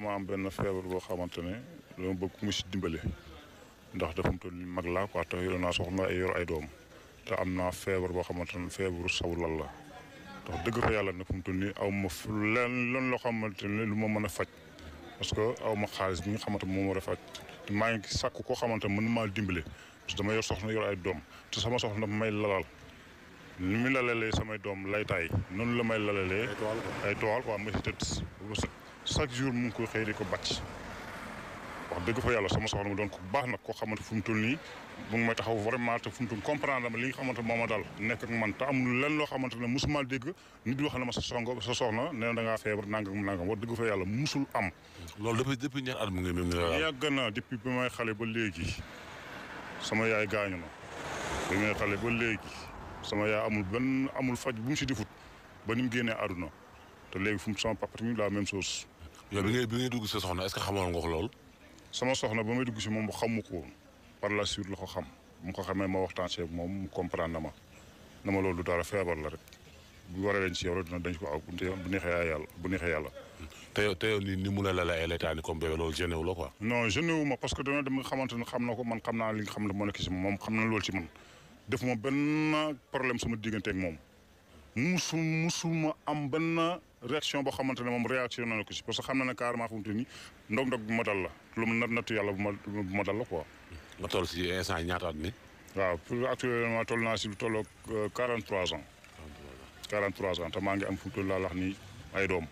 dama am benn feebar boo xamante ne dama bëgg ku mu si dimbale ndax dafa mu toll mag laa quoi te yor naa soxna ay yor ay doom te am naa feebar boo xamante ne feebaru saw lal la ndax dëgg yàlla ne fu mu aw ma leen loolu loo xamante ne lu ma mën a faj parce que aw ma xaalis bi nga xamante ne moom war faj maa ngi sàkk koo xamante ne mën maa dimbale dama yor soxna yor ay doom te sama soxna may lalal mu lalalee samay doom laytaay noonu la may lalalee ay toile quoi ma si tëdd chaque jour mu ngi koy xëy di ko bàcc wax dëgg fa yàlla sama soxna mu doon ko baax na koo xamante fu mu toll nii mu ngi may taxaw vraiment te fu mu toll ma li nga xamante moo ma dal nekk ak man te am lenn loo xamante ne musuma dégg nit wax na ma sa songo sa soxna nee na da ngaa feebar nangam nangam wax dëgg fa yàlla musul am. loolu depuis depuis ñaar at mu ngi même. yàgg na depuis bi may xale ba léegi sama yaay gaañu na bi may xale ba léegi sama yaay amul benn amul faj bu mu si defut ba ni mu génnee àdduna te léegi fu mu sama papa tamit la même chose. yow bi ngay bi ngay dugg sa soxna est-ce que xamoon nga loolu. sama soxna ba may dugg si moom xamu ko woon par la suite ko xam mu ko xamee ma waxtaan see moom mu comprendre na ma na ma loolu la rek bu waree leen si ko aw ah, yàlla bu neexee yàlla. te yow te yow ni mu ne la la élettaani comme bébé ma parce que dana dem nga ne xam na ko man xam naa li nga xam ne moo moom xam na loolu si man def ma benn problème sama digganteek moom. musu musuma am benn réaction boo xamante ne moom réaction na ko si parce que xam na ne carrément fu mu toll nii ndog-ndog bu ma dal la lu mu nattu yàlla bu ma bu dal la quoi. ma toll si instant yi ñaata at ni waaw pour actuellement toll naa si lu tolloog euh, 43 ans. 43 ans te maa ngi am fu mu toll laa lax nii ay doom.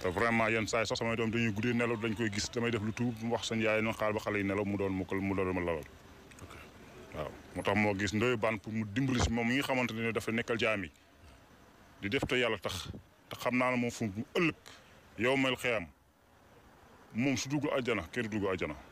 te vraiment yenn saa yi sax samay doom dañuy guddee nelaw dañ koy gis damay def lu tuub wax sañ yaay noonu xaar ba xale yi nelaw mu doon mu ko mu doon ma lawal. waaw moo tax moo gis Ndoye Bane pour mu dimbali moom mi nga xamante ne dafa nekkal jaam di def te yàlla tax te xam naa ne moom fu mu ëllëg yow mel xeyam moom su dugg ajana kenn du dugg